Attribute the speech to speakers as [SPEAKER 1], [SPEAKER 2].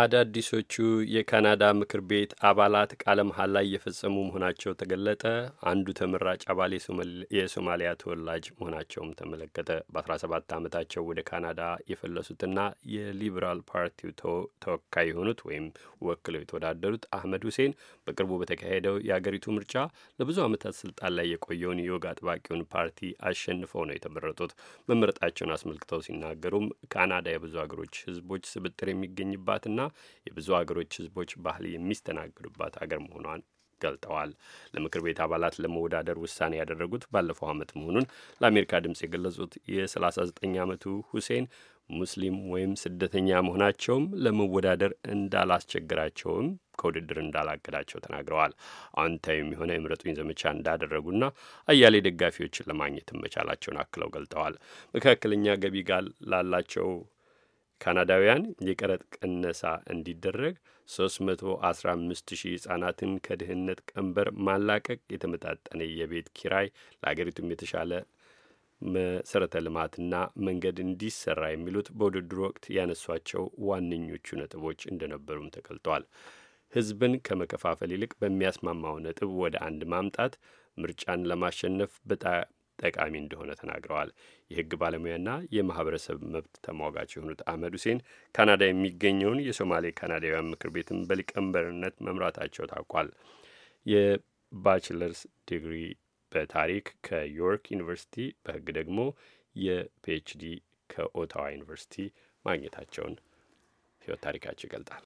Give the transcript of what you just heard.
[SPEAKER 1] አዳዲሶቹ የካናዳ ምክር ቤት አባላት ቃለ መሀል ላይ እየፈጸሙ መሆናቸው ተገለጠ። አንዱ ተመራጭ አባል የሶማሊያ ተወላጅ መሆናቸውም ተመለከተ። በ17 ዓመታቸው ወደ ካናዳ የፈለሱትና የሊበራል ፓርቲው ተወካይ የሆኑት ወይም ወክለው የተወዳደሩት አህመድ ሁሴን በቅርቡ በተካሄደው የአገሪቱ ምርጫ ለብዙ ዓመታት ስልጣን ላይ የቆየውን የወግ አጥባቂውን ፓርቲ አሸንፈው ነው የተመረጡት። መመረጣቸውን አስመልክተው ሲናገሩም ካናዳ የብዙ አገሮች ህዝቦች ስብጥር የሚገኝባትና እና የብዙ አገሮች ህዝቦች ባህል የሚስተናገዱባት አገር መሆኗን ገልጠዋል። ለምክር ቤት አባላት ለመወዳደር ውሳኔ ያደረጉት ባለፈው ዓመት መሆኑን ለአሜሪካ ድምፅ የገለጹት የ39 ዓመቱ ሁሴን ሙስሊም ወይም ስደተኛ መሆናቸውም ለመወዳደር እንዳላስቸግራቸውም ከውድድር እንዳላገዳቸው ተናግረዋል። አዎንታዊ የሆነ የምረጡኝ ዘመቻ እንዳደረጉና አያሌ ደጋፊዎችን ለማግኘት መቻላቸውን አክለው ገልጠዋል። መካከለኛ ገቢ ጋር ላላቸው ካናዳውያን የቀረጥ ቅነሳ እንዲደረግ 315 ሺህ ሕፃናትን ከድህነት ቀንበር ማላቀቅ፣ የተመጣጠነ የቤት ኪራይ፣ ለአገሪቱም የተሻለ መሰረተ ልማትና መንገድ እንዲሰራ የሚሉት በውድድሩ ወቅት ያነሷቸው ዋነኞቹ ነጥቦች እንደነበሩም ተገልጧል። ህዝብን ከመከፋፈል ይልቅ በሚያስማማው ነጥብ ወደ አንድ ማምጣት ምርጫን ለማሸነፍ ጠቃሚ እንደሆነ ተናግረዋል። የህግ ባለሙያና የማህበረሰብ መብት ተሟጋች የሆኑት አህመድ ሁሴን ካናዳ የሚገኘውን የሶማሌ ካናዳውያን ምክር ቤትን በሊቀመንበርነት መምራታቸው ታውቋል። የባችለርስ ዲግሪ በታሪክ ከዮርክ ዩኒቨርሲቲ በህግ ደግሞ የፒኤችዲ ከኦታዋ ዩኒቨርሲቲ ማግኘታቸውን ህይወት ታሪካቸው ይገልጣል።